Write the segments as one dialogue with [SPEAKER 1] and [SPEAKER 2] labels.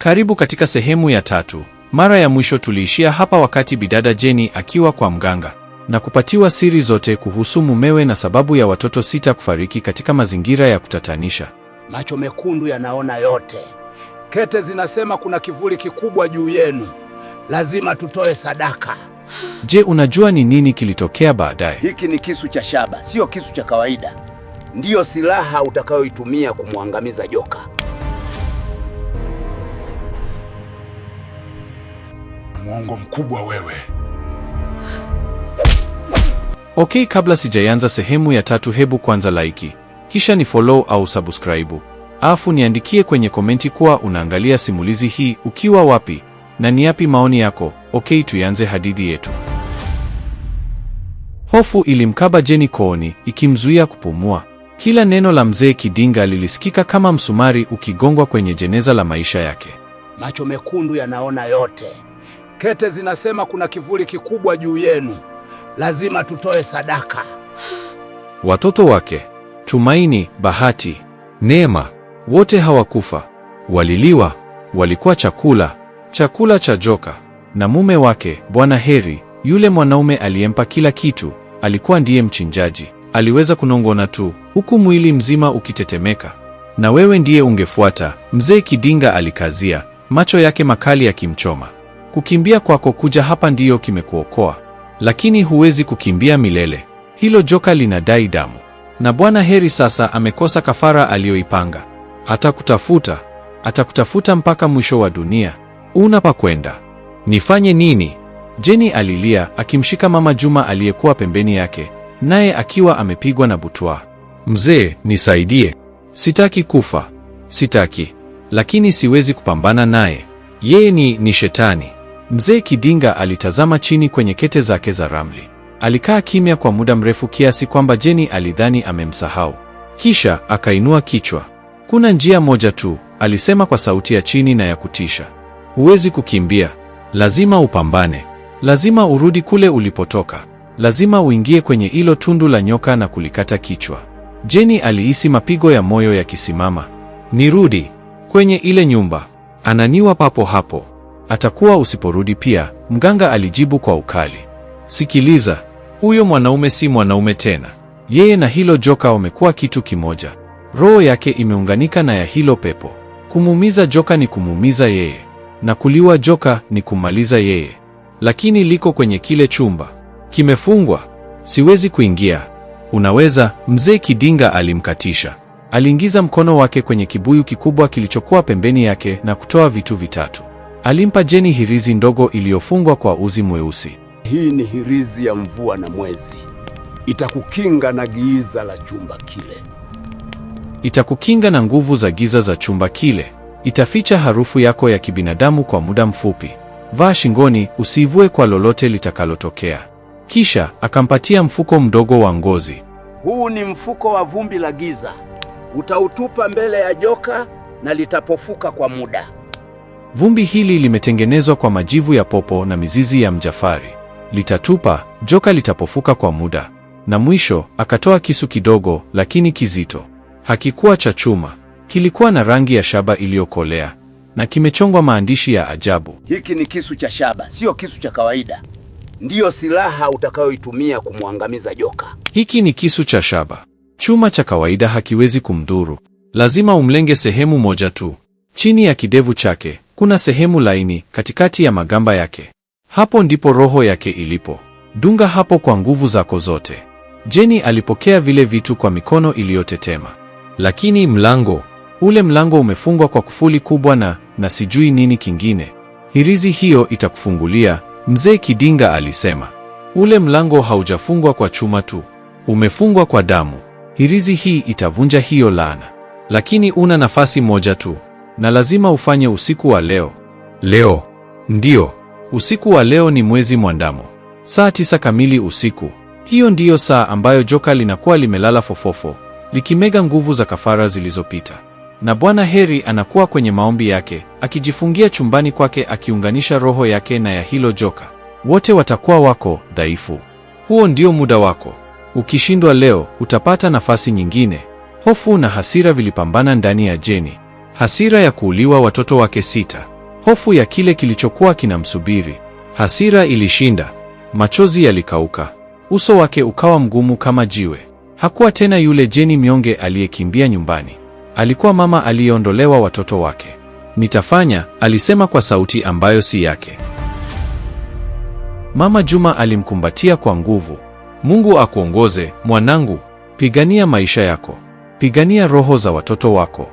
[SPEAKER 1] Karibu katika sehemu ya tatu. Mara ya mwisho tuliishia hapa wakati bidada Jeni akiwa kwa mganga na kupatiwa siri zote kuhusu mumewe na sababu ya watoto sita kufariki katika mazingira ya kutatanisha.
[SPEAKER 2] Macho mekundu yanaona yote. Kete zinasema kuna kivuli kikubwa juu yenu, lazima tutoe sadaka.
[SPEAKER 1] Je, unajua ni nini kilitokea baadaye?
[SPEAKER 2] Hiki ni kisu cha shaba, sio kisu cha kawaida. Ndiyo silaha utakayoitumia kumwangamiza joka. muongo mkubwa wewe.
[SPEAKER 1] Ok, kabla sijaanza sehemu ya tatu, hebu kwanza laiki, kisha ni follow au subscribe, afu niandikie kwenye komenti kuwa unaangalia simulizi hii ukiwa wapi na ni yapi maoni yako. Ok, tuanze hadithi yetu. Hofu ilimkaba Jeni kooni ikimzuia kupumua. Kila neno la mzee Kidinga lilisikika kama msumari ukigongwa kwenye jeneza la maisha yake.
[SPEAKER 2] Macho mekundu yanaona yote. Kete zinasema kuna kivuli kikubwa juu yenu, lazima tutoe sadaka.
[SPEAKER 1] Watoto wake Tumaini, Bahati, Neema wote hawakufa, waliliwa, walikuwa chakula, chakula cha joka. Na mume wake Bwana Heri, yule mwanaume aliyempa kila kitu, alikuwa ndiye mchinjaji. Aliweza kunong'ona tu huku mwili mzima ukitetemeka. Na wewe ndiye ungefuata, mzee Kidinga alikazia, macho yake makali yakimchoma. Kukimbia kwako kuja hapa ndiyo kimekuokoa, lakini huwezi kukimbia milele. Hilo joka linadai damu, na Bwana Heri sasa amekosa kafara aliyoipanga. Atakutafuta, atakutafuta mpaka mwisho wa dunia. Una pa kwenda. Nifanye nini? Jeni alilia akimshika mama Juma aliyekuwa pembeni yake, naye akiwa amepigwa na butwa. Mzee, nisaidie. Sitaki kufa, sitaki, lakini siwezi kupambana naye. Yeye ni ni shetani. Mzee Kidinga alitazama chini kwenye kete zake za ramli. Alikaa kimya kwa muda mrefu kiasi kwamba Jeni alidhani amemsahau. Kisha akainua kichwa. Kuna njia moja tu, alisema kwa sauti ya chini na ya kutisha. Huwezi kukimbia, lazima upambane, lazima urudi kule ulipotoka, lazima uingie kwenye hilo tundu la nyoka na kulikata kichwa. Jeni alihisi mapigo ya moyo yakisimama. Nirudi kwenye ile nyumba, ananiwa papo hapo atakuwa usiporudi pia, mganga alijibu kwa ukali. Sikiliza, huyo mwanaume si mwanaume tena. Yeye na hilo joka wamekuwa kitu kimoja. Roho yake imeunganika na ya hilo pepo. Kumuumiza joka ni kumuumiza yeye, na kuliwa joka ni kumaliza yeye. Lakini liko kwenye kile chumba, kimefungwa, siwezi kuingia. Unaweza? Mzee Kidinga alimkatisha. Aliingiza mkono wake kwenye kibuyu kikubwa kilichokuwa pembeni yake na kutoa vitu vitatu. Alimpa Jeni hirizi ndogo iliyofungwa kwa uzi mweusi.
[SPEAKER 2] Hii ni hirizi ya mvua na mwezi, itakukinga na giza la chumba kile,
[SPEAKER 1] itakukinga na nguvu za giza za chumba kile, itaficha harufu yako ya kibinadamu kwa muda mfupi. Vaa shingoni, usivue kwa lolote litakalotokea. Kisha akampatia mfuko mdogo wa ngozi.
[SPEAKER 2] Huu ni mfuko wa vumbi la giza, utautupa mbele ya joka na litapofuka kwa muda.
[SPEAKER 1] Vumbi hili limetengenezwa kwa majivu ya popo na mizizi ya mjafari. Litatupa, joka litapofuka kwa muda. Na mwisho akatoa kisu kidogo lakini kizito. Hakikuwa cha chuma, kilikuwa na rangi ya shaba iliyokolea na kimechongwa maandishi ya ajabu.
[SPEAKER 2] Hiki ni kisu cha shaba, sio kisu cha kawaida. Ndiyo silaha utakayoitumia kumwangamiza joka.
[SPEAKER 1] Hiki ni kisu cha shaba. Chuma cha kawaida hakiwezi kumdhuru, lazima umlenge sehemu moja tu, chini ya kidevu chake kuna sehemu laini katikati ya magamba yake. Hapo ndipo roho yake ilipo. Dunga hapo kwa nguvu zako zote. Jeni alipokea vile vitu kwa mikono iliyotetema, lakini mlango ule mlango umefungwa kwa kufuli kubwa na na sijui nini kingine. Hirizi hiyo itakufungulia, mzee Kidinga alisema. Ule mlango haujafungwa kwa chuma tu, umefungwa kwa damu. Hirizi hii itavunja hiyo laana, lakini una nafasi moja tu na lazima ufanye usiku wa leo. Leo ndiyo usiku wa leo ni mwezi mwandamo, saa tisa kamili usiku. Hiyo ndiyo saa ambayo joka linakuwa limelala fofofo likimega nguvu za kafara zilizopita, na Bwana Heri anakuwa kwenye maombi yake akijifungia chumbani kwake, akiunganisha roho yake na ya hilo joka. Wote watakuwa wako dhaifu. Huo ndio muda wako. Ukishindwa leo, utapata nafasi nyingine. Hofu na hasira vilipambana ndani ya Jeni hasira ya kuuliwa watoto wake sita, hofu ya kile kilichokuwa kinamsubiri. Hasira ilishinda, machozi yalikauka, uso wake ukawa mgumu kama jiwe. Hakuwa tena yule Jeni mnyonge aliyekimbia nyumbani, alikuwa mama aliyeondolewa watoto wake. Nitafanya, alisema kwa sauti ambayo si yake. Mama Juma alimkumbatia kwa nguvu. Mungu akuongoze mwanangu, pigania maisha yako, pigania roho za watoto wako.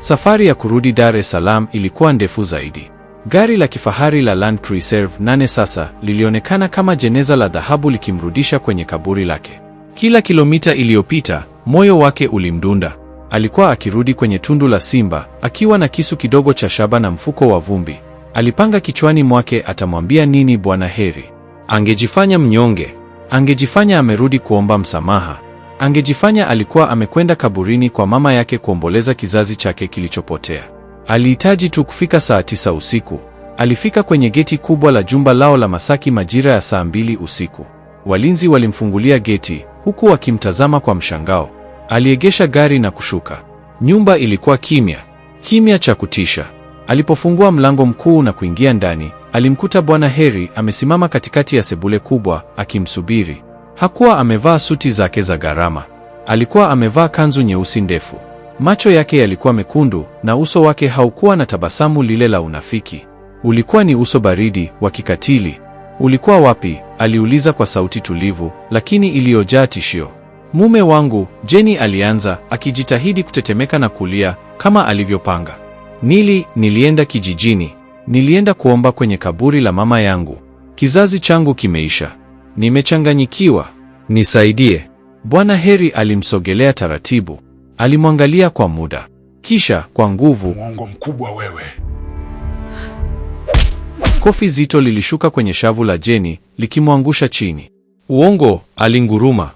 [SPEAKER 1] Safari ya kurudi Dar es Salaam ilikuwa ndefu zaidi. Gari la kifahari la Land Cruiser nane sasa lilionekana kama jeneza la dhahabu likimrudisha kwenye kaburi lake. Kila kilomita iliyopita, moyo wake ulimdunda. Alikuwa akirudi kwenye tundu la simba akiwa na kisu kidogo cha shaba na mfuko wa vumbi. Alipanga kichwani mwake atamwambia nini Bwana Heri. Angejifanya mnyonge, angejifanya amerudi kuomba msamaha. Angejifanya alikuwa amekwenda kaburini kwa mama yake kuomboleza kizazi chake kilichopotea. Alihitaji tu kufika saa tisa usiku. Alifika kwenye geti kubwa la jumba lao la Masaki majira ya saa mbili usiku. Walinzi walimfungulia geti huku wakimtazama kwa mshangao. Aliegesha gari na kushuka. Nyumba ilikuwa kimya, kimya cha kutisha. Alipofungua mlango mkuu na kuingia ndani, alimkuta Bwana Heri amesimama katikati ya sebule kubwa akimsubiri. Hakuwa amevaa suti zake za gharama, alikuwa amevaa kanzu nyeusi ndefu. Macho yake yalikuwa mekundu na uso wake haukuwa na tabasamu lile la unafiki, ulikuwa ni uso baridi wa kikatili. Ulikuwa wapi? aliuliza kwa sauti tulivu lakini iliyojaa tishio. Mume wangu, Jeni alianza, akijitahidi kutetemeka na kulia kama alivyopanga. Nili nilienda kijijini, nilienda kuomba kwenye kaburi la mama yangu. Kizazi changu kimeisha, Nimechanganyikiwa, nisaidie. Bwana Heri alimsogelea taratibu, alimwangalia kwa muda, kisha kwa nguvu. Mwongo mkubwa wewe! Kofi zito lilishuka kwenye shavu la Jeni likimwangusha chini. Uongo! Alinguruma.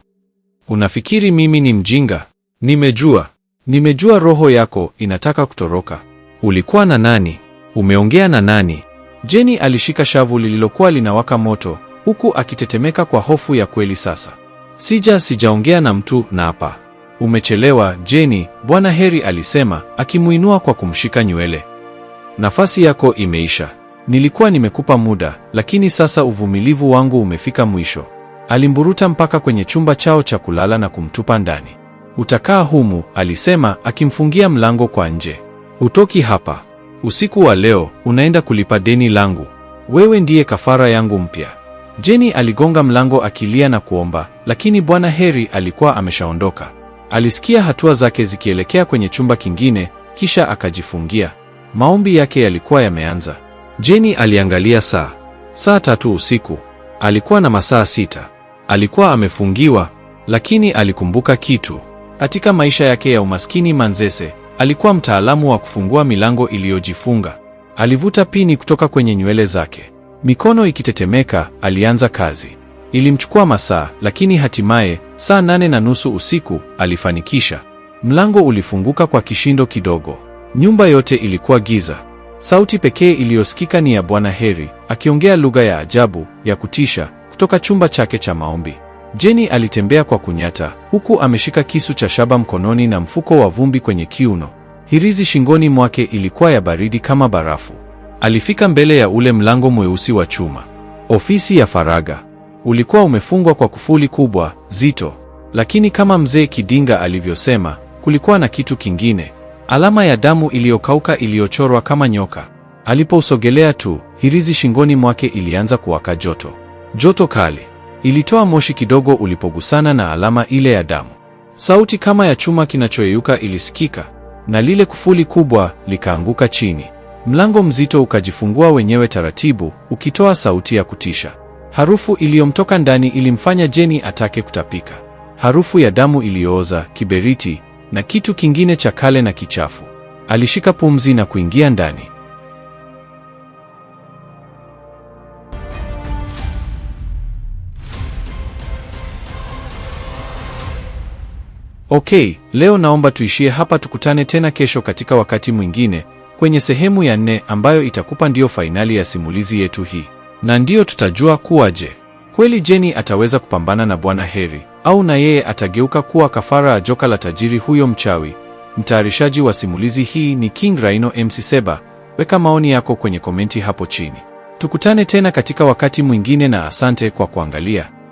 [SPEAKER 1] Unafikiri mimi ni mjinga? Nimejua, nimejua roho yako inataka kutoroka. Ulikuwa na nani? Umeongea na nani? Jeni alishika shavu lililokuwa linawaka moto huku akitetemeka kwa hofu ya kweli. Sasa sija sijaongea na mtu na hapa. Umechelewa Jeni, Bwana Heri alisema, akimuinua kwa kumshika nywele. Nafasi yako imeisha. Nilikuwa nimekupa muda, lakini sasa uvumilivu wangu umefika mwisho. Alimburuta mpaka kwenye chumba chao cha kulala na kumtupa ndani. Utakaa humu, alisema akimfungia mlango kwa nje. Utoki hapa. Usiku wa leo unaenda kulipa deni langu. Wewe ndiye kafara yangu mpya. Jeni aligonga mlango akilia na kuomba, lakini Bwana Heri alikuwa ameshaondoka. Alisikia hatua zake zikielekea kwenye chumba kingine, kisha akajifungia. Maombi yake yalikuwa yameanza. Jeni aliangalia saa, saa tatu usiku. Alikuwa na masaa sita. Alikuwa amefungiwa, lakini alikumbuka kitu. Katika maisha yake ya umaskini Manzese, alikuwa mtaalamu wa kufungua milango iliyojifunga. Alivuta pini kutoka kwenye nywele zake. Mikono ikitetemeka, alianza kazi. Ilimchukua masaa, lakini hatimaye saa nane na nusu usiku alifanikisha. Mlango ulifunguka kwa kishindo kidogo. Nyumba yote ilikuwa giza. Sauti pekee iliyosikika ni ya Bwana Heri akiongea lugha ya ajabu ya kutisha kutoka chumba chake cha maombi. Jeni alitembea kwa kunyata, huku ameshika kisu cha shaba mkononi na mfuko wa vumbi kwenye kiuno. Hirizi shingoni mwake ilikuwa ya baridi kama barafu. Alifika mbele ya ule mlango mweusi wa chuma. Ofisi ya faragha. Ulikuwa umefungwa kwa kufuli kubwa zito, lakini kama mzee Kidinga alivyosema, kulikuwa na kitu kingine, alama ya damu iliyokauka iliyochorwa kama nyoka. Alipousogelea tu, hirizi shingoni mwake ilianza kuwaka joto, joto kali. Ilitoa moshi kidogo ulipogusana na alama ile ya damu. Sauti kama ya chuma kinachoyeyuka ilisikika, na lile kufuli kubwa likaanguka chini. Mlango mzito ukajifungua wenyewe taratibu, ukitoa sauti ya kutisha. Harufu iliyomtoka ndani ilimfanya Jeni atake kutapika, harufu ya damu iliyooza, kiberiti na kitu kingine cha kale na kichafu. Alishika pumzi na kuingia ndani. Okay, leo naomba tuishie hapa, tukutane tena kesho katika wakati mwingine kwenye sehemu ya nne ambayo itakupa ndiyo fainali ya simulizi yetu hii, na ndiyo tutajua kuwa je, kweli Jeni ataweza kupambana na Bwana Heri au na yeye atageuka kuwa kafara ya joka la tajiri huyo mchawi. Mtayarishaji wa simulizi hii ni King Rhino MC Seba. Weka maoni yako kwenye komenti hapo chini. Tukutane tena katika wakati mwingine na asante kwa kuangalia.